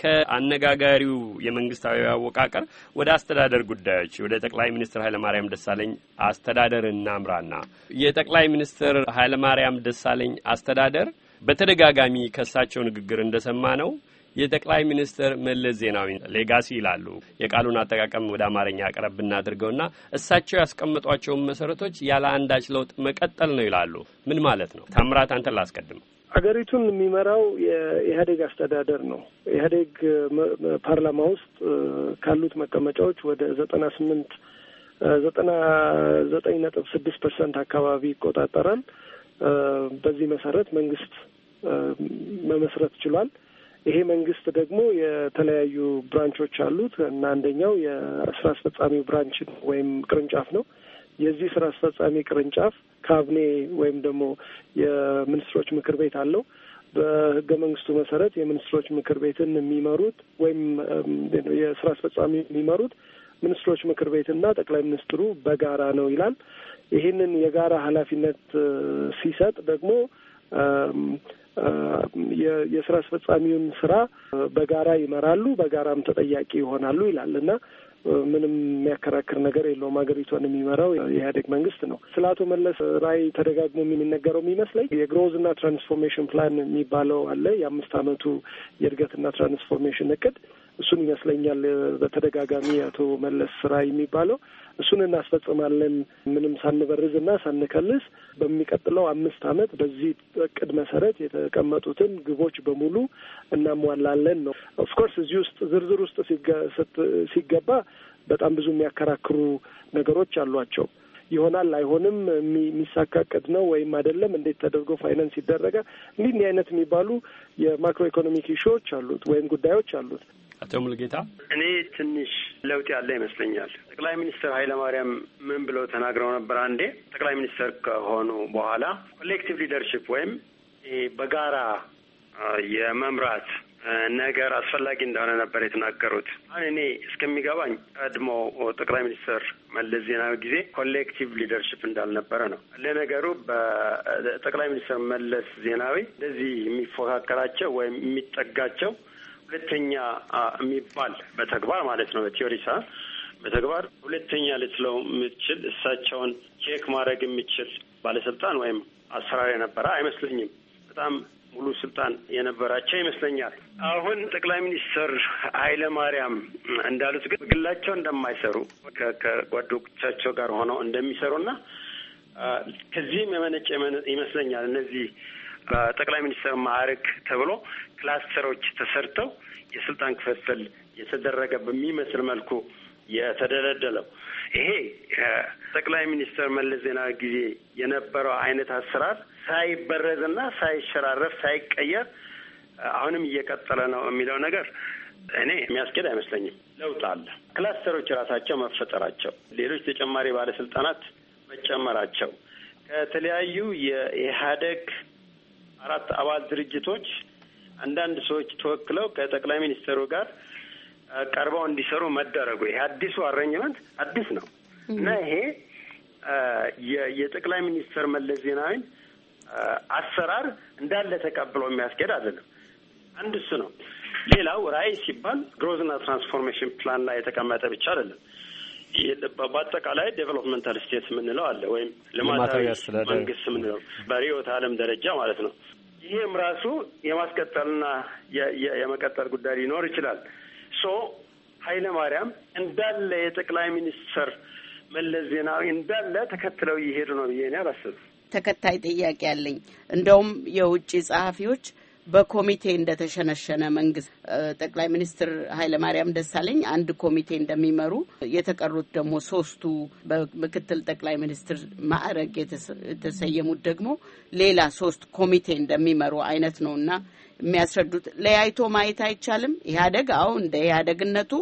ከአነጋጋሪው የመንግስታዊ አወቃቀር ወደ አስተዳደር ጉዳዮች ወደ ጠቅላይ ሚኒስትር ኃይለማርያም ደሳለኝ አስተዳደር እናምራና የጠቅላይ ሚኒስትር ኃይለማርያም ደሳለኝ አስተዳደር በተደጋጋሚ ከሳቸው ንግግር እንደሰማ ነው የጠቅላይ ሚኒስትር መለስ ዜናዊ ሌጋሲ ይላሉ። የቃሉን አጠቃቀም ወደ አማርኛ ቀረብ ብናድርገውና እሳቸው ያስቀመጧቸውን መሰረቶች ያለ አንዳች ለውጥ መቀጠል ነው ይላሉ። ምን ማለት ነው? ታምራት አንተን ላስቀድም። አገሪቱን የሚመራው የኢህአዴግ አስተዳደር ነው። ኢህአዴግ ፓርላማ ውስጥ ካሉት መቀመጫዎች ወደ ዘጠና ስምንት ዘጠና ዘጠኝ ነጥብ ስድስት ፐርሰንት አካባቢ ይቆጣጠራል። በዚህ መሰረት መንግስት መመስረት ችሏል። ይሄ መንግስት ደግሞ የተለያዩ ብራንቾች አሉት እና አንደኛው የስራ አስፈጻሚ ብራንች ወይም ቅርንጫፍ ነው። የዚህ ስራ አስፈጻሚ ቅርንጫፍ ካቢኔ ወይም ደግሞ የሚኒስትሮች ምክር ቤት አለው። በህገ መንግስቱ መሰረት የሚኒስትሮች ምክር ቤትን የሚመሩት ወይም የስራ አስፈጻሚ የሚመሩት ሚኒስትሮች ምክር ቤትና ጠቅላይ ሚኒስትሩ በጋራ ነው ይላል። ይህንን የጋራ ኃላፊነት ሲሰጥ ደግሞ የስራ አስፈጻሚውን ስራ በጋራ ይመራሉ፣ በጋራም ተጠያቂ ይሆናሉ ይላል እና ምንም የሚያከራክር ነገር የለውም። ሀገሪቷን የሚመራው የኢህአዴግ መንግስት ነው። ስለ አቶ መለስ ራዕይ ተደጋግሞ የሚነገረው የሚመስለኝ የግሮዝና ትራንስፎርሜሽን ፕላን የሚባለው አለ። የአምስት አመቱ የእድገትና ትራንስፎርሜሽን እቅድ እሱን ይመስለኛል በተደጋጋሚ አቶ መለስ ስራ የሚባለው እሱን እናስፈጽማለን ምንም ሳንበርዝ እና ሳንከልስ በሚቀጥለው አምስት ዓመት በዚህ እቅድ መሰረት የተቀመጡትን ግቦች በሙሉ እናሟላለን ነው። ኦፍኮርስ እዚህ ውስጥ ዝርዝር ውስጥ ሲገባ በጣም ብዙ የሚያከራክሩ ነገሮች አሏቸው። ይሆናል አይሆንም፣ የሚሳካ እቅድ ነው ወይም አይደለም፣ እንዴት ተደርጎ ፋይናንስ ይደረጋል፣ እንዲህ እንዲህ አይነት የሚባሉ የማክሮ ኢኮኖሚክ ኢሹዎች አሉት ወይም ጉዳዮች አሉት። አቶ ሙልጌታ፣ እኔ ትንሽ ለውጥ ያለ ይመስለኛል። ጠቅላይ ሚኒስትር ኃይለማርያም ምን ብለው ተናግረው ነበር? አንዴ ጠቅላይ ሚኒስትር ከሆኑ በኋላ ኮሌክቲቭ ሊደርሽፕ ወይም በጋራ የመምራት ነገር አስፈላጊ እንደሆነ ነበር የተናገሩት። አሁን እኔ እስከሚገባኝ ቀድሞ ጠቅላይ ሚኒስትር መለስ ዜናዊ ጊዜ ኮሌክቲቭ ሊደርሽፕ እንዳልነበረ ነው። ለነገሩ በጠቅላይ ሚኒስትር መለስ ዜናዊ እንደዚህ የሚፎካከራቸው ወይም የሚጠጋቸው ሁለተኛ የሚባል በተግባር ማለት ነው በቴዎሪሳ በተግባር ሁለተኛ ልትለው የምትችል እሳቸውን ቼክ ማድረግ የሚችል ባለስልጣን ወይም አሰራር የነበረ አይመስለኝም። በጣም ሙሉ ስልጣን የነበራቸው ይመስለኛል። አሁን ጠቅላይ ሚኒስትር ኃይለ ማርያም እንዳሉት ግን ግላቸው እንደማይሰሩ ከጓዶቻቸው ጋር ሆነው እንደሚሰሩና ከዚህም የመነጨ ይመስለኛል እነዚህ በጠቅላይ ሚኒስትር ማዕረግ ተብሎ ክላስተሮች ተሰርተው የስልጣን ክፍፍል የተደረገ በሚመስል መልኩ የተደለደለው ይሄ ጠቅላይ ሚኒስትር መለስ ዜናዊ ጊዜ የነበረው አይነት አሰራር ሳይበረዝና ሳይሸራረፍ ሳይቀየር አሁንም እየቀጠለ ነው የሚለው ነገር እኔ የሚያስኬድ አይመስለኝም። ለውጥ አለ። ክላስተሮች ራሳቸው መፈጠራቸው፣ ሌሎች ተጨማሪ ባለስልጣናት መጨመራቸው ከተለያዩ የኢህአደግ አራት አባል ድርጅቶች አንዳንድ ሰዎች ተወክለው ከጠቅላይ ሚኒስትሩ ጋር ቀርበው እንዲሰሩ መደረጉ ይሄ አዲሱ አረኝመንት አዲስ ነው እና ይሄ የጠቅላይ ሚኒስትር መለስ ዜናዊን አሰራር እንዳለ ተቀብሎ የሚያስኬድ አይደለም። አንድ እሱ ነው። ሌላው ራዕይ ሲባል ግሮዝና ትራንስፎርሜሽን ፕላን ላይ የተቀመጠ ብቻ አይደለም። በአጠቃላይ ዴቨሎፕመንታል ስቴት የምንለው አለ ወይም ልማታዊ መንግስት የምንለው በርዕዮተ ዓለም ደረጃ ማለት ነው። ይህም ራሱ የማስቀጠልና የመቀጠል ጉዳይ ሊኖር ይችላል። ሶ ኃይለ ማርያም እንዳለ የጠቅላይ ሚኒስትር መለስ ዜናዊ እንዳለ ተከትለው እየሄዱ ነው ብዬ እኔ አላስብም። ተከታይ ጥያቄ አለኝ። እንደውም የውጭ ጸሐፊዎች በኮሚቴ እንደተሸነሸነ መንግስት ጠቅላይ ሚኒስትር ኃይለማርያም ደሳለኝ አንድ ኮሚቴ እንደሚመሩ የተቀሩት ደግሞ ሶስቱ በምክትል ጠቅላይ ሚኒስትር ማዕረግ የተሰየሙት ደግሞ ሌላ ሶስት ኮሚቴ እንደሚመሩ አይነት ነው እና የሚያስረዱት ለያይቶ ማየት አይቻልም። ኢህአዴግ አዎ እንደ ኢህአደግነቱ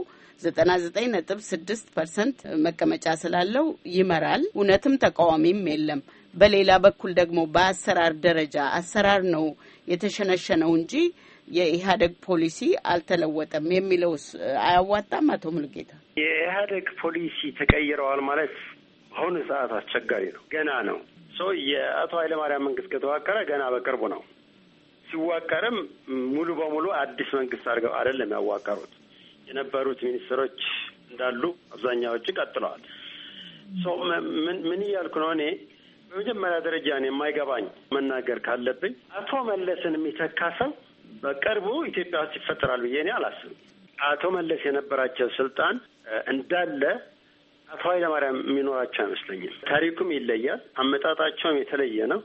ዘጠና ዘጠኝ ነጥብ ስድስት ፐርሰንት መቀመጫ ስላለው ይመራል። እውነትም ተቃዋሚም የለም። በሌላ በኩል ደግሞ በአሰራር ደረጃ አሰራር ነው የተሸነሸነው እንጂ የኢህአደግ ፖሊሲ አልተለወጠም የሚለው አያዋጣም። አቶ ሙልጌታ የኢህአደግ ፖሊሲ ተቀይረዋል ማለት በአሁኑ ሰዓት አስቸጋሪ ነው። ገና ነው። ሰው የአቶ ኃይለማርያም መንግስት ከተዋቀረ ገና በቅርቡ ነው። ሲዋቀርም ሙሉ በሙሉ አዲስ መንግስት አድርገው አይደለም ያዋቀሩት። የነበሩት ሚኒስትሮች እንዳሉ አብዛኛዎቹ ቀጥለዋል። ምን እያልኩ ነው እኔ በመጀመሪያ ደረጃ ነው የማይገባኝ መናገር ካለብኝ አቶ መለስን የሚተካ ሰው በቅርቡ ኢትዮጵያ ውስጥ ይፈጠራል ብዬ እኔ አላስብም። አቶ መለስ የነበራቸው ስልጣን እንዳለ አቶ ኃይለማርያም የሚኖራቸው አይመስለኝም። ታሪኩም ይለያል፣ አመጣጣቸውም የተለየ ነው።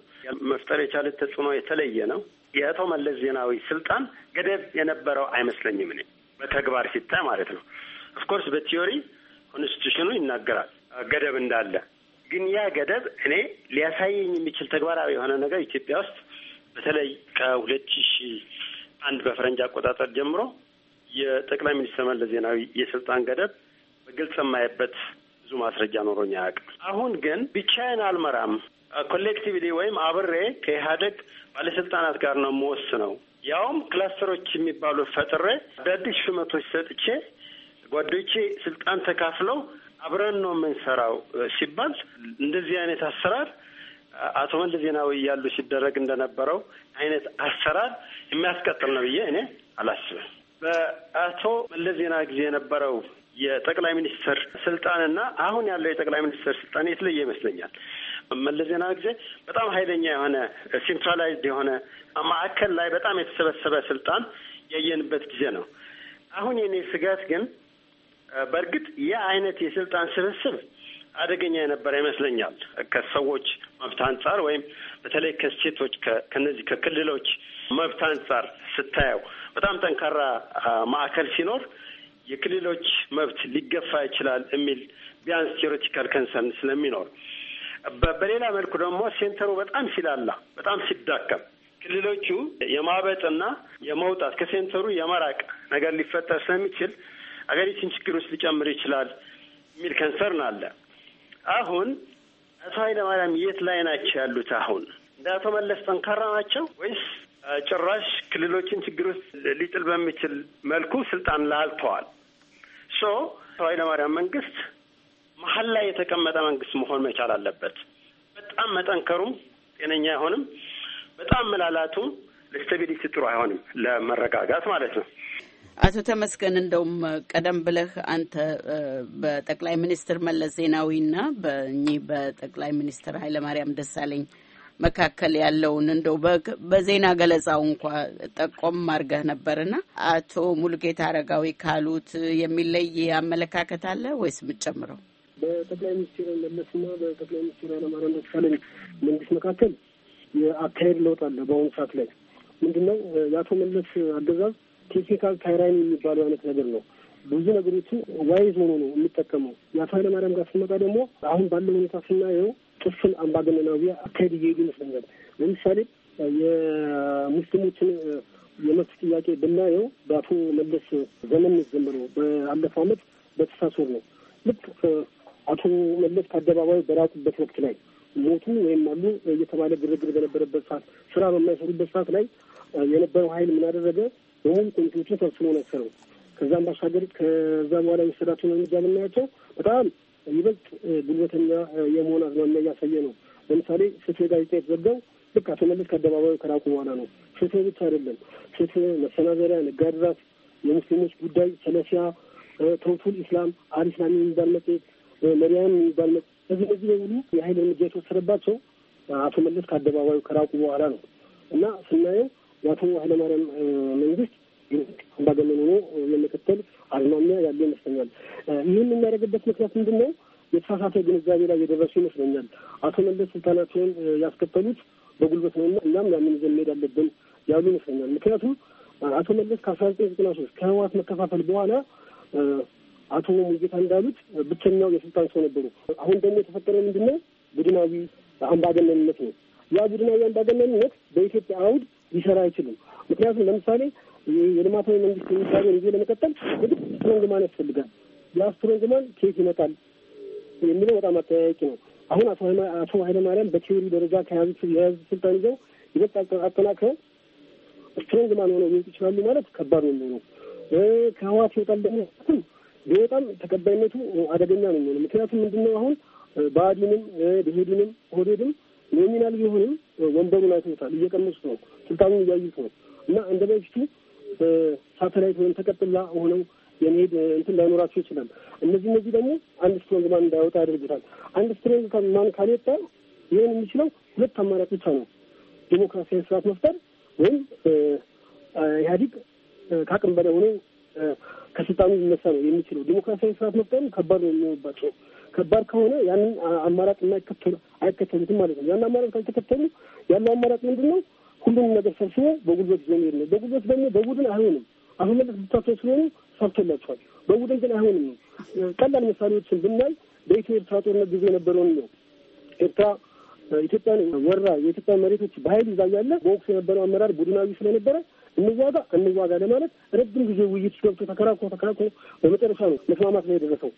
መፍጠር የቻሉት ተጽዕኖ የተለየ ነው። የአቶ መለስ ዜናዊ ስልጣን ገደብ የነበረው አይመስለኝም እኔ በተግባር ሲታይ ማለት ነው። ኦፍኮርስ በቲዮሪ ኮንስቲቱሽኑ ይናገራል ገደብ እንዳለ ግን ያ ገደብ እኔ ሊያሳየኝ የሚችል ተግባራዊ የሆነ ነገር ኢትዮጵያ ውስጥ በተለይ ከሁለት ሺ አንድ በፈረንጅ አቆጣጠር ጀምሮ የጠቅላይ ሚኒስትር መለስ ዜናዊ የስልጣን ገደብ በግልጽ የማየበት ብዙ ማስረጃ ኖሮኝ አያውቅም። አሁን ግን ብቻዬን አልመራም፣ ኮሌክቲቭሊ ወይም አብሬ ከኢህአደግ ባለስልጣናት ጋር ነው የምወስነው። ያውም ክላስተሮች የሚባሉ ፈጥሬ አዳዲስ ሹመቶች ሰጥቼ ጓዶቼ ስልጣን ተካፍለው አብረን ነው የምንሰራው ሲባል እንደዚህ አይነት አሰራር አቶ መለስ ዜናዊ እያሉ ሲደረግ እንደነበረው አይነት አሰራር የሚያስቀጥል ነው ብዬ እኔ አላስብም። በአቶ መለስ ዜና ጊዜ የነበረው የጠቅላይ ሚኒስትር ስልጣን እና አሁን ያለው የጠቅላይ ሚኒስትር ስልጣን የተለየ ይመስለኛል። መለስ ዜናዊ ጊዜ በጣም ኃይለኛ የሆነ ሴንትራላይዝድ የሆነ ማዕከል ላይ በጣም የተሰበሰበ ስልጣን ያየንበት ጊዜ ነው። አሁን የኔ ስጋት ግን በእርግጥ ይህ አይነት የስልጣን ስብስብ አደገኛ የነበረ ይመስለኛል። ከሰዎች መብት አንጻር ወይም በተለይ ከሴቶች ከነዚህ ከክልሎች መብት አንጻር ስታየው በጣም ጠንካራ ማዕከል ሲኖር የክልሎች መብት ሊገፋ ይችላል የሚል ቢያንስ ቴዎሬቲካል ከንሰርን ስለሚኖር፣ በሌላ መልኩ ደግሞ ሴንተሩ በጣም ሲላላ፣ በጣም ሲዳከም ክልሎቹ የማበጥና የመውጣት ከሴንተሩ የመራቅ ነገር ሊፈጠር ስለሚችል አገሪቱን ችግር ውስጥ ሊጨምር ይችላል የሚል ከንሰርን አለ። አሁን አቶ ኃይለማርያም የት ላይ ናቸው ያሉት? አሁን እንደ አቶ መለስ ጠንካራ ናቸው ወይስ ጭራሽ ክልሎችን ችግር ውስጥ ሊጥል በሚችል መልኩ ስልጣን ላልተዋል? ሶ አቶ ኃይለማርያም መንግስት መሀል ላይ የተቀመጠ መንግስት መሆን መቻል አለበት። በጣም መጠንከሩም ጤነኛ አይሆንም። በጣም መላላቱም ለስቴቢሊቲ ጥሩ አይሆንም፣ ለመረጋጋት ማለት ነው። አቶ ተመስገን እንደውም ቀደም ብለህ አንተ በጠቅላይ ሚኒስትር መለስ ዜናዊና በእኚህ በጠቅላይ ሚኒስትር ኃይለማርያም ደሳለኝ መካከል ያለውን እንደው በዜና ገለጻው እንኳ ጠቆም አድርገህ ነበርና አቶ ሙሉጌታ አረጋዊ ካሉት የሚለይ አመለካከት አለ ወይስ የምትጨምረው? በጠቅላይ ሚኒስትር መለስና በጠቅላይ ሚኒስትር ኃይለማርያም ደሳለኝ መንግስት መካከል የአካሄድ ለውጥ አለ። በአሁኑ ሰዓት ላይ ምንድን ነው የአቶ መለስ አገዛዝ ቴክኒካል ታይራይን የሚባለው አይነት ነገር ነው። ብዙ ነገሮችን ዋይዝ ሆኖ ነው የሚጠቀመው። የአቶ ኃይለማርያም ጋር ስንመጣ ደግሞ አሁን ባለው ሁኔታ ስናየው ጥፍን አምባገነናዊ አካሄድ እየሄዱ ይመስለኛል። ለምሳሌ የሙስሊሞችን የመብት ጥያቄ ብናየው በአቶ መለስ ዘመን ዘምሮ በአለፈው አመት በተሳሶር ነው። ልክ አቶ መለስ ከአደባባዩ በራቁበት ወቅት ላይ ሞቱ ወይም አሉ እየተባለ ግርግር በነበረበት ሰዓት፣ ስራ በማይሰሩበት ሰዓት ላይ የነበረው ኃይል ምን አደረገ? ይህም ኮሚቴዎችን ሰብስቦ ነው። ከዛም ባሻገር ከዛ በኋላ የሚሰዳቸውን እርምጃ የምናያቸው በጣም ይበልጥ ጉልበተኛ የመሆን አዝማሚያ እያሳየ ነው። ለምሳሌ ፍትህ ጋዜጣ የተዘጋው ልክ አቶ መለስ ከአደባባዩ ከራቁ በኋላ ነው። ፍትህ ብቻ አይደለም፣ ፍትህ፣ መሰናዘሪያ፣ ነጋድራት፣ የሙስሊሞች ጉዳይ፣ ሰለፊያ፣ ተውቱል ኢስላም፣ አልኢስላሚ የሚባል መጽሔት፣ መሪያም የሚባል መጽሔት፣ እዚህ በዚህ በሙሉ የሀይል እርምጃ የተወሰደባቸው አቶ መለስ ከአደባባዩ ከራቁ በኋላ ነው እና ስናየው የአቶ ኃይለማርያም መንግስት አምባገነን ሆኖ የመቀጠል አዝማሚያ ያለ ይመስለኛል። ይህን የሚያደርግበት ምክንያት ምንድን ነው? የተሳሳተ ግንዛቤ ላይ የደረሱ ይመስለኛል። አቶ መለስ ስልጣናቸውን ያስከተሉት በጉልበት ነው እና እናም ያንን ይዘን መሄድ አለብን ያሉ ይመስለኛል። ምክንያቱም አቶ መለስ ከአስራ ዘጠኝ ዘጠና ሶስት ከህወሓት መከፋፈል በኋላ አቶ ሙጌታ እንዳሉት ብቸኛው የስልጣን ሰው ነበሩ። አሁን ደግሞ የተፈጠረ ምንድን ነው? ቡድናዊ አምባገነንነት ነው። ያ ቡድናዊ አምባገነንነት በኢትዮጵያ አውድ ሊሰራ አይችልም። ምክንያቱም ለምሳሌ የልማታዊ መንግስት የሚባለውን ይዞ ለመቀጠል ወደ ስትሮንግማን ያስፈልጋል። ያ ስትሮንግማን ከየት ይመጣል የሚለው በጣም አጠያያቂ ነው። አሁን አቶ ኃይለማርያም በቴዎሪ ደረጃ ከያዙት የያዙት ስልጣን ይዘው ይበጣ አጠናክረው ስትሮንግ ማን ሆነው ሊወጡ ይችላሉ ማለት ከባድ ነው የሚሆነው። ከህዋት ይወጣል ደግሞ በጣም ተቀባይነቱ አደገኛ ነው የሚሆነው። ምክንያቱም ምንድነው አሁን ብአዴንም ብሄድንም ኦህዴድም ኖሚናል ቢሆንም ወንበሩን አይተውታል፣ እየቀነሱት ነው፣ ስልጣኑን እያዩት ነው። እና እንደ በፊቱ ሳተላይት ወይም ተቀጥላ ሆነው የሚሄድ እንትን ላይኖራቸው ይችላል። እነዚህ እነዚህ ደግሞ አንድ ስትሮንግ ማን እንዳያወጣ ያደርጉታል። አንድ ስትሮንግ ማን ካልወጣ ይህን የሚችለው ሁለት አማራጭ ብቻ ነው፣ ዴሞክራሲያዊ ስርዓት መፍጠር ወይም ኢህአዲግ ከአቅም በላይ ሆኖ ከስልጣኑ ሊነሳ ነው የሚችለው። ዴሞክራሲያዊ ስርዓት መፍጠርም ከባድ ነው የሚሆንባቸው ከባድ ከሆነ ያንን አማራጭ የማይከተሉ አይከተሉትም ማለት ነው። ያን አማራጭ ካልተከተሉ ያለው አማራጭ ምንድን ነው? ሁሉንም ነገር ሰብስቦ በጉልበት ይዞ መሄድ ነው። በጉልበት ደግሞ በቡድን አይሆንም። አሁን መለስ ብቻቸው ስለሆኑ ሰብቶላቸዋል። በቡድን ግን አይሆንም። ቀላል ምሳሌዎችን ብናይ በኢትዮ ኤርትራ ጦርነት ጊዜ የነበረውን ነው። ኤርትራ ኢትዮጵያን ወራ የኢትዮጵያ መሬቶች በኃይል ይዛ ያለ በወቅቱ የነበረው አመራር ቡድናዊ ስለነበረ እንዋጋ እንዋጋ ለማለት ረጅም ጊዜ ውይይት ገብቶ ተከራክሮ ተከራክሮ በመጨረሻ ነው መስማማት ላይ የደረሰው።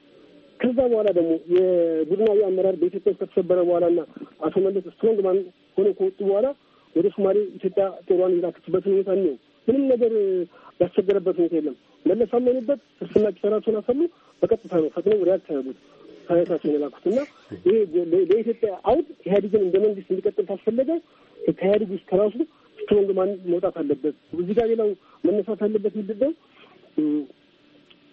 ከዛ በኋላ ደግሞ የቡድናዊ አመራር በኢትዮጵያ ከተሰበረ በኋላ እና አቶ መለስ ስትሮንግ ማን ሆኖ ከወጡ በኋላ ወደ ሶማሌ ኢትዮጵያ ጦሯን የላከችበትን ሁኔታ ነው። ምንም ነገር ያስቸገረበት ሁኔታ የለም። መለስ አመኑበት። ክርስትና ኪሳራቸውን አሰሉ። በቀጥታ ነው ፈጥነው ሪያክት ያደረጉት ታሪካቸውን የላኩት እና ይሄ ለኢትዮጵያ አውድ ኢህአዴግን እንደ መንግስት እንዲቀጥል ካስፈለገ ከኢህአዴግ ውስጥ ከራሱ ስትሮንግ ማን መውጣት አለበት። እዚህ ጋር ሌላው መነሳት አለበት ምንድን ነው?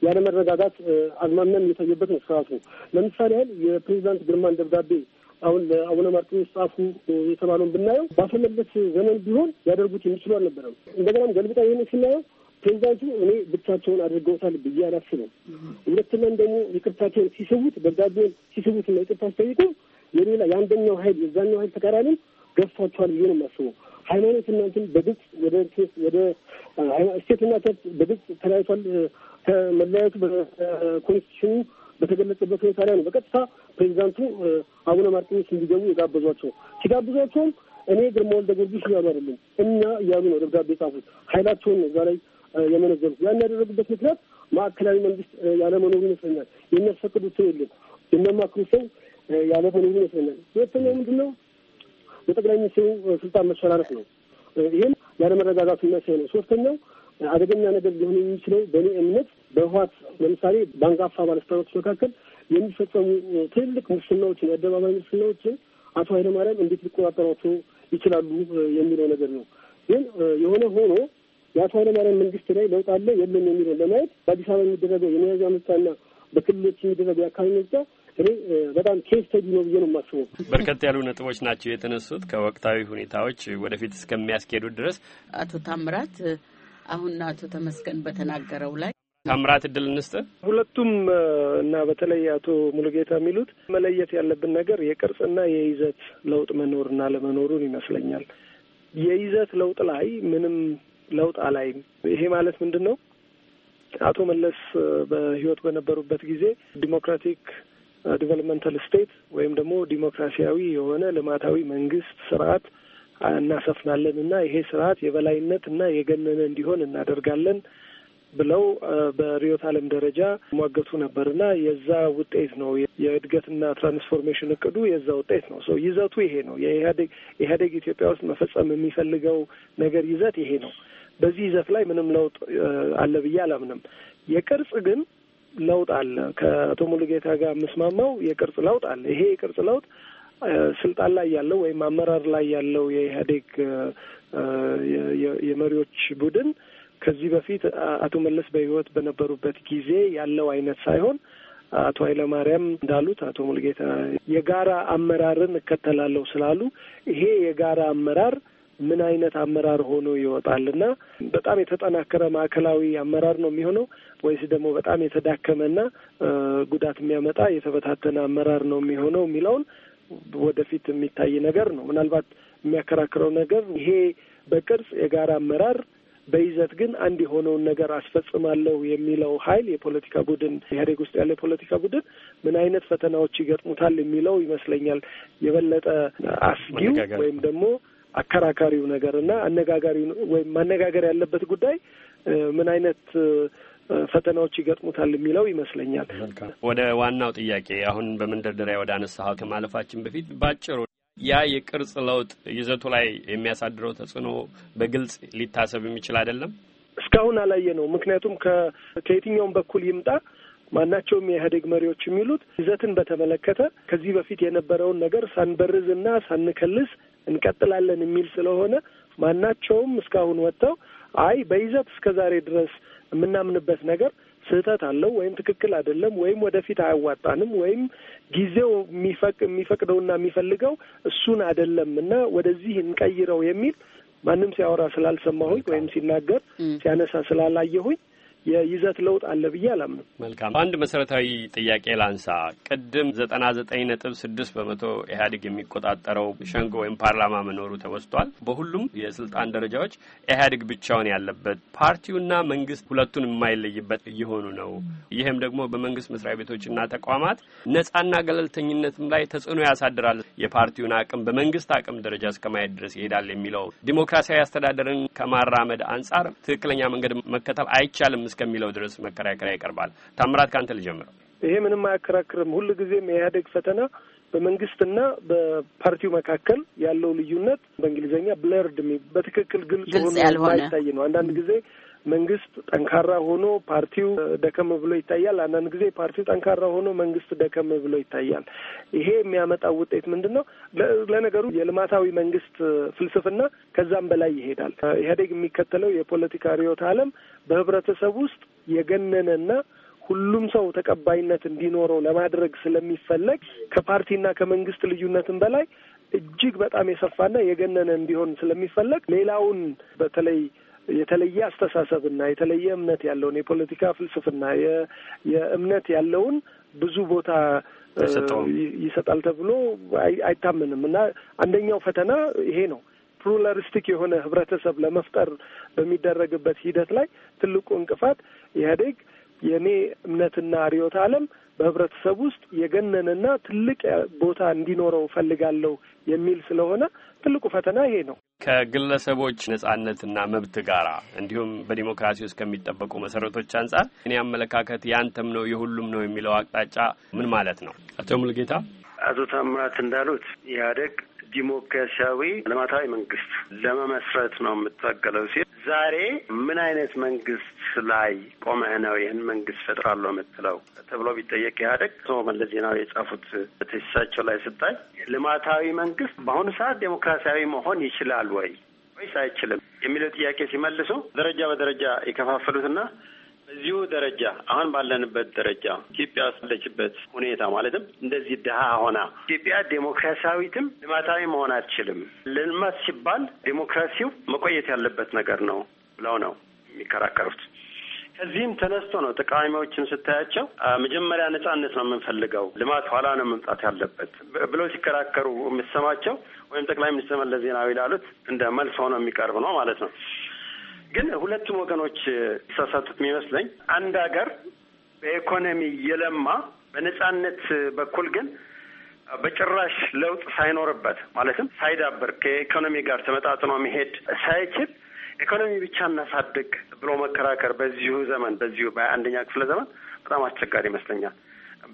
ያለመረጋጋት አዝማሚያም እየታየበት ነው ስርዓቱ። ለምሳሌ ያህል የፕሬዚዳንት ግርማን ደብዳቤ አሁን ለአቡነ ማርቆስ ጻፉ የተባለውን ብናየው ባፈለበት ዘመን ቢሆን ያደርጉት የሚችሉ አልነበረም። እንደገናም ገልብጣ ይህን ስናየው ፕሬዚዳንቱ እኔ ብቻቸውን አድርገውታል ብዬ አላስብም። ሁለተኛም ደግሞ ይቅርታቸውን ሲስቡት ደብዳቤውን ሲስቡት ሲስቡትና ይቅርታ ሲጠይቁ የሌላ የአንደኛው ሀይል የዛኛው ሀይል ተቃራኒም ገፍቷቸዋል ብዬ ነው የማስበው። ሃይማኖት እናንትን በግልጽ ወደ ወደ ስቴትና ቸርች በግልጽ ተለያይቷል። ከመለያየቱ በኮንስቲቱሽኑ በተገለጸበት ሁኔታ ላይ ነው። በቀጥታ ፕሬዚዳንቱ አቡነ ማርቆስ እንዲገቡ የጋበዟቸው ሲጋብዟቸውም እኔ ግርማ ወልደ ጊዮርጊስ እያሉ አይደለም እኛ እያሉ ነው ደብዳቤ ጻፉት። ሀይላቸውን ነው እዛ ላይ የመነዘሩት። ያን ያደረጉበት ምክንያት ማዕከላዊ መንግስት ያለመኖሩ ይመስለኛል። የሚያስፈቅዱት ሰው የለም፣ የሚያማክሩት ሰው ያለመኖሩ ይመስለኛል። ሁለተኛው ምንድን ነው የጠቅላይ ሚኒስትሩ ስልጣን መሸራረፍ ነው። ይህም ያለመረጋጋቱ የሚያሳይ ነው። ሶስተኛው አደገኛ ነገር ሊሆን የሚችለው በእኔ እምነት በህዋት ለምሳሌ በአንጋፋ ባለስልጣኖች መካከል የሚፈጸሙ ትልቅ ሙስናዎችን የአደባባይ ሙስናዎችን አቶ ኃይለማርያም እንዴት ሊቆጣጠሯቸው ይችላሉ የሚለው ነገር ነው። ግን የሆነ ሆኖ የአቶ ኃይለማርያም መንግስት ላይ ለውጥ አለ የለም የሚለው ለማየት በአዲስ አበባ የሚደረገው የመያዣ ምርጫና በክልሎች የሚደረገው የአካባቢ ምርጫ እኔ በጣም ኬስ ተዲ ነው ብዬ ነው የማስበው። በርከት ያሉ ነጥቦች ናቸው የተነሱት ከወቅታዊ ሁኔታዎች ወደፊት እስከሚያስኬዱ ድረስ። አቶ ታምራት አሁን አቶ ተመስገን በተናገረው ላይ ታምራት እድል እንስጥ። ሁለቱም እና በተለይ አቶ ሙሉጌታ የሚሉት መለየት ያለብን ነገር የቅርጽና የይዘት ለውጥ መኖርና ለመኖሩን ይመስለኛል። የይዘት ለውጥ ላይ ምንም ለውጥ አላይም። ይሄ ማለት ምንድን ነው? አቶ መለስ በህይወት በነበሩበት ጊዜ ዲሞክራቲክ ዲቨሎፕመንታል ስቴት ወይም ደግሞ ዲሞክራሲያዊ የሆነ ልማታዊ መንግስት ስርዓት እናሰፍናለን እና ይሄ ስርዓት የበላይነት እና የገነነ እንዲሆን እናደርጋለን ብለው በሪዮት ዓለም ደረጃ ሟገቱ ነበር እና የዛ ውጤት ነው የእድገትና ትራንስፎርሜሽን እቅዱ የዛ ውጤት ነው። ሰው ይዘቱ ይሄ ነው። የኢህአዴግ ኢህአዴግ ኢትዮጵያ ውስጥ መፈጸም የሚፈልገው ነገር ይዘት ይሄ ነው። በዚህ ይዘት ላይ ምንም ለውጥ አለ ብዬ አላምንም። የቅርጽ ግን ለውጥ አለ። ከአቶ ሙሉጌታ ጋር የምስማማው የቅርጽ ለውጥ አለ። ይሄ የቅርጽ ለውጥ ስልጣን ላይ ያለው ወይም አመራር ላይ ያለው የኢህአዴግ የመሪዎች ቡድን ከዚህ በፊት አቶ መለስ በህይወት በነበሩበት ጊዜ ያለው አይነት ሳይሆን አቶ ማርያም እንዳሉት አቶ ሙልጌታ የጋራ አመራርን እከተላለሁ ስላሉ ይሄ የጋራ አመራር ምን አይነት አመራር ሆኖ ይወጣል በጣም የተጠናከረ ማዕከላዊ አመራር ነው የሚሆነው ወይስ ደግሞ በጣም የተዳከመና ጉዳት የሚያመጣ የተበታተነ አመራር ነው የሚሆነው የሚለውን ወደፊት የሚታይ ነገር ነው። ምናልባት የሚያከራክረው ነገር ይሄ በቅርጽ የጋራ አመራር በይዘት ግን አንድ የሆነውን ነገር አስፈጽማለሁ የሚለው ኃይል የፖለቲካ ቡድን ኢህአዴግ ውስጥ ያለ የፖለቲካ ቡድን ምን አይነት ፈተናዎች ይገጥሙታል የሚለው ይመስለኛል የበለጠ አስጊው ወይም ደግሞ አከራካሪው ነገር እና አነጋጋሪው ወይም ማነጋገር ያለበት ጉዳይ ምን አይነት ፈተናዎች ይገጥሙታል የሚለው ይመስለኛል። ወደ ዋናው ጥያቄ አሁን በመንደርደሪያ ወደ አነሳኸው ከማለፋችን በፊት ባጭሩ ያ የቅርጽ ለውጥ ይዘቱ ላይ የሚያሳድረው ተጽዕኖ በግልጽ ሊታሰብ የሚችል አይደለም። እስካሁን አላየ ነው። ምክንያቱም ከየትኛውም በኩል ይምጣ ማናቸውም የኢህአዴግ መሪዎች የሚሉት ይዘትን በተመለከተ ከዚህ በፊት የነበረውን ነገር ሳንበርዝና ሳንከልስ እንቀጥላለን የሚል ስለሆነ ማናቸውም እስካሁን ወጥተው አይ በይዘት እስከ ዛሬ ድረስ የምናምንበት ነገር ስህተት አለው ወይም ትክክል አይደለም ወይም ወደፊት አያዋጣንም ወይም ጊዜው የሚፈቅ የሚፈቅደውና የሚፈልገው እሱን አይደለም እና ወደዚህ እንቀይረው የሚል ማንም ሲያወራ ስላልሰማሁኝ ወይም ሲናገር ሲያነሳ ስላላየሁኝ የይዘት ለውጥ አለ ብዬ አላምንም። መልካም አንድ መሰረታዊ ጥያቄ ላንሳ። ቅድም ዘጠና ዘጠኝ ነጥብ ስድስት በመቶ ኢህአዴግ የሚቆጣጠረው ሸንጎ ወይም ፓርላማ መኖሩ ተወስቷል። በሁሉም የስልጣን ደረጃዎች ኢህአዴግ ብቻውን ያለበት ፓርቲውና መንግስት ሁለቱን የማይለይበት እየሆኑ ነው። ይህም ደግሞ በመንግስት መስሪያ ቤቶችና ተቋማት ነጻና ገለልተኝነትም ላይ ተጽዕኖ ያሳድራል። የፓርቲውን አቅም በመንግስት አቅም ደረጃ እስከማየት ድረስ ይሄዳል የሚለው ዲሞክራሲያዊ አስተዳደርን ከማራመድ አንጻር ትክክለኛ መንገድ መከተል አይቻልም እስከሚለው ድረስ መከራከሪያ ይቀርባል። ታምራት ከአንተ ልጀምረው። ይሄ ምንም አያከራክርም። ሁል ጊዜም የኢህአዴግ ፈተና በመንግስትና በፓርቲው መካከል ያለው ልዩነት በእንግሊዝኛ ብለርድ በትክክል ግልጽ ሆኖ የማይታይ ነው። አንዳንድ ጊዜ መንግስት ጠንካራ ሆኖ ፓርቲው ደከም ብሎ ይታያል። አንዳንድ ጊዜ ፓርቲው ጠንካራ ሆኖ መንግስት ደከም ብሎ ይታያል። ይሄ የሚያመጣው ውጤት ምንድን ነው? ለነገሩ የልማታዊ መንግስት ፍልስፍና ከዛም በላይ ይሄዳል። ኢህአዴግ የሚከተለው የፖለቲካ ርዕዮተ ዓለም በህብረተሰብ ውስጥ የገነነና ሁሉም ሰው ተቀባይነት እንዲኖረው ለማድረግ ስለሚፈለግ ከፓርቲና ከመንግስት ልዩነትን በላይ እጅግ በጣም የሰፋና የገነነ እንዲሆን ስለሚፈለግ ሌላውን በተለይ የተለየ አስተሳሰብና የተለየ እምነት ያለውን የፖለቲካ ፍልስፍና የእምነት ያለውን ብዙ ቦታ ይሰጣል ተብሎ አይታመንም እና አንደኛው ፈተና ይሄ ነው። ፕሉራሊስቲክ የሆነ ህብረተሰብ ለመፍጠር በሚደረግበት ሂደት ላይ ትልቁ እንቅፋት ኢህአዴግ የእኔ እምነትና ርዕዮተ ዓለም በህብረተሰብ ውስጥ የገነነና ትልቅ ቦታ እንዲኖረው ፈልጋለሁ የሚል ስለሆነ ትልቁ ፈተና ይሄ ነው። ከግለሰቦች ነጻነትና መብት ጋራ እንዲሁም በዲሞክራሲ ውስጥ ከሚጠበቁ መሰረቶች አንጻር እኔ አመለካከት ያንተም ነው የሁሉም ነው የሚለው አቅጣጫ ምን ማለት ነው? አቶ ሙልጌታ። አቶ ታምራት እንዳሉት ኢህአዴግ ዲሞክራሲያዊ ልማታዊ መንግስት ለመመስረት ነው የምታገለው ሲል ዛሬ ምን አይነት መንግስት ላይ ቆመህ ነው ይህን መንግስት ፈጥራለሁ የምትለው ተብሎ ቢጠየቅ ኢህአዴግ መለስ ዜናዊ የጻፉት ቴሲሳቸው ላይ ስታይ ልማታዊ መንግስት በአሁኑ ሰዓት ዴሞክራሲያዊ መሆን ይችላል ወይ ወይስ አይችልም የሚለው ጥያቄ ሲመልሱ ደረጃ በደረጃ የከፋፈሉትና እዚሁ ደረጃ አሁን ባለንበት ደረጃ ኢትዮጵያ ስለችበት ሁኔታ ማለትም እንደዚህ ድሀ ሆና ኢትዮጵያ ዴሞክራሲያዊትም ልማታዊ መሆን አትችልም። ልማት ሲባል ዴሞክራሲው መቆየት ያለበት ነገር ነው ብለው ነው የሚከራከሩት። ከዚህም ተነስቶ ነው ተቃዋሚዎችን ስታያቸው መጀመሪያ ነጻነት ነው የምንፈልገው፣ ልማት ኋላ ነው መምጣት ያለበት ብለው ሲከራከሩ የምትሰማቸው ወይም ጠቅላይ ሚኒስትር መለስ ዜናዊ ላሉት እንደ መልስ ሆነው የሚቀርብ ነው ማለት ነው። ግን ሁለቱም ወገኖች ይሳሳቱት የሚመስለኝ አንድ ሀገር በኢኮኖሚ የለማ በነጻነት በኩል ግን በጭራሽ ለውጥ ሳይኖርበት ማለትም ሳይዳብር ከኢኮኖሚ ጋር ተመጣጥኖ መሄድ ሳይችል ኢኮኖሚ ብቻ እናሳድግ ብሎ መከራከር በዚሁ ዘመን በዚሁ በአንደኛ ክፍለ ዘመን በጣም አስቸጋሪ ይመስለኛል።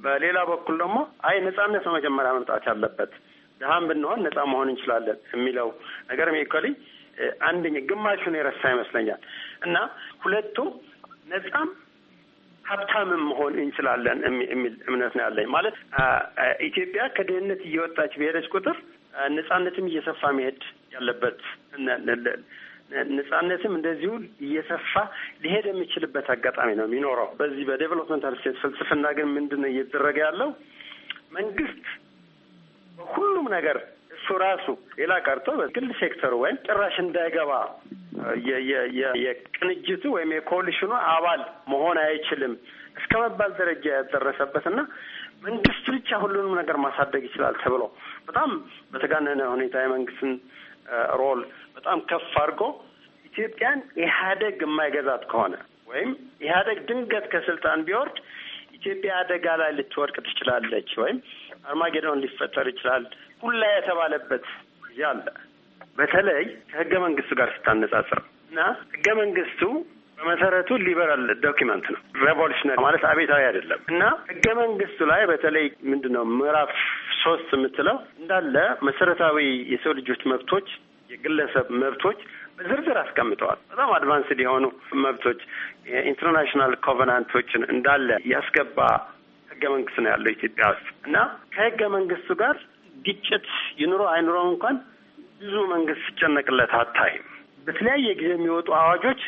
በሌላ በኩል ደግሞ አይ ነጻነት ነው መጀመሪያ መምጣት ያለበት፣ ድሀም ብንሆን ነጻ መሆን እንችላለን የሚለው ነገር ሜኮሊ አንደኛ ግማሹን የረሳ ይመስለኛል። እና ሁለቱም ነጻም ሀብታምም መሆን እንችላለን የሚል እምነት ነው ያለኝ። ማለት ኢትዮጵያ ከድህነት እየወጣች በሄደች ቁጥር ነጻነትም እየሰፋ መሄድ ያለበት ነጻነትም እንደዚሁ እየሰፋ ሊሄድ የሚችልበት አጋጣሚ ነው የሚኖረው። በዚህ በዴቨሎፕመንታል ስቴት ፍልስፍና ግን ምንድን ነው እየተደረገ ያለው? መንግስት በሁሉም ነገር እሱ ራሱ ሌላ ቀርቶ በግል ሴክተሩ ወይም ጭራሽ እንዳይገባ የቅንጅቱ ወይም የኮሊሽኑ አባል መሆን አይችልም እስከ መባል ደረጃ ያልደረሰበትና መንግስት ብቻ ሁሉንም ነገር ማሳደግ ይችላል ተብሎ በጣም በተጋነነ ሁኔታ የመንግስትን ሮል በጣም ከፍ አድርጎ ኢትዮጵያን ኢህአደግ የማይገዛት ከሆነ ወይም ኢህአደግ ድንገት ከስልጣን ቢወርድ ኢትዮጵያ አደጋ ላይ ልትወድቅ ትችላለች ወይም አርማጌዶን ሊፈጠር ይችላል ቁላ የተባለበት ጊዜ አለ። በተለይ ከህገ መንግስቱ ጋር ስታነጻጽር እና ህገ መንግስቱ በመሰረቱ ሊበራል ዶኪመንት ነው፣ ሬቮሉሽነሪ ማለት አቤታዊ አይደለም እና ህገ መንግስቱ ላይ በተለይ ምንድን ነው ምዕራፍ ሶስት የምትለው እንዳለ መሰረታዊ የሰው ልጆች መብቶች፣ የግለሰብ መብቶች በዝርዝር አስቀምጠዋል። በጣም አድቫንስድ የሆኑ መብቶች ኢንተርናሽናል ኮቨናንቶችን እንዳለ ያስገባ ህገ መንግስት ነው ያለው ኢትዮጵያ ውስጥ እና ከህገ መንግስቱ ጋር ግጭት ይኑሮ አይኑሮ እንኳን ብዙ መንግስት ሲጨነቅለት አታይም። በተለያየ ጊዜ የሚወጡ አዋጆች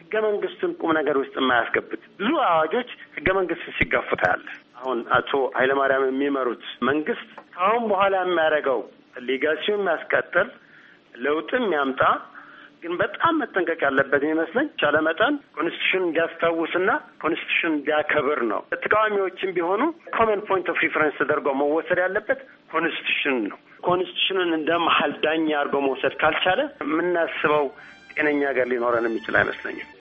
ህገ መንግስቱን ቁም ነገር ውስጥ የማያስገቡት ብዙ አዋጆች ህገ መንግስትን ሲጋፉ አሁን አቶ ኃይለማርያም የሚመሩት መንግስት ከአሁን በኋላ የሚያደርገው ሊጋሲውን የሚያስቀጥል ለውጥ የሚያምጣ ግን በጣም መጠንቀቅ ያለበት ይመስለኝ ቻለ መጠን ኮንስቲቱሽን እንዲያስታውስና ኮንስቲቱሽን እንዲያከብር ነው። ተቃዋሚዎችም ቢሆኑ ኮመን ፖይንት ኦፍ ሪፈረንስ ተደርጎ መወሰድ ያለበት ኮንስቲቱሽን ነው። ኮንስቲቱሽንን እንደ መሀል ዳኛ አድርጎ መውሰድ ካልቻለ የምናስበው ጤነኛ ሀገር ሊኖረን የሚችል አይመስለኝም።